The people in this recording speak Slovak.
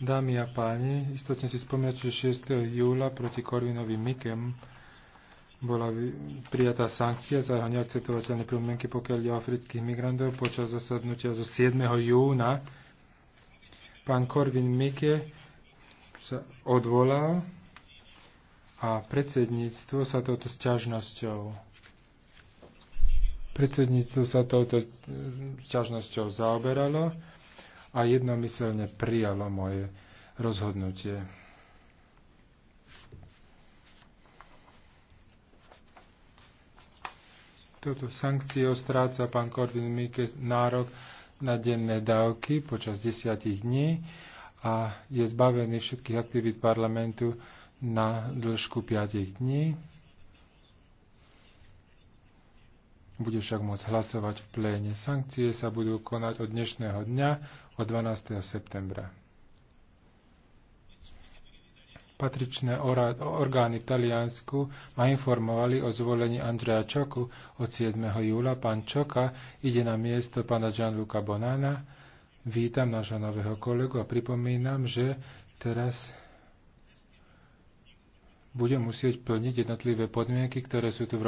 Dámy a páni, istotne si spomínate, že 6. júla proti Korvinovi Mikem bola prijatá sankcia za jeho neakceptovateľné podmienky, pokiaľ je afrických migrantov počas zasadnutia zo 7. júna. Pán Korvin Mike sa odvolal a predsedníctvo sa touto sťažnosťou predsedníctvo sa touto sťažnosťou zaoberalo a jednomyselne prijalo moje rozhodnutie. Toto sankcie stráca pán Korvin Mikes nárok na denné dávky počas desiatich dní a je zbavený všetkých aktivít parlamentu na dĺžku 5 dní. Bude však môcť hlasovať v pléne. Sankcie sa budú konať od dnešného dňa od 12. septembra. Patričné orgány v Taliansku ma informovali o zvolení Andrea Čoku od 7. júla. Pán Čoka ide na miesto pána Gianluca Bonana. Vítam nášho nového kolegu a pripomínam, že teraz bude musieť plniť jednotlivé podmienky, ktoré sú tu v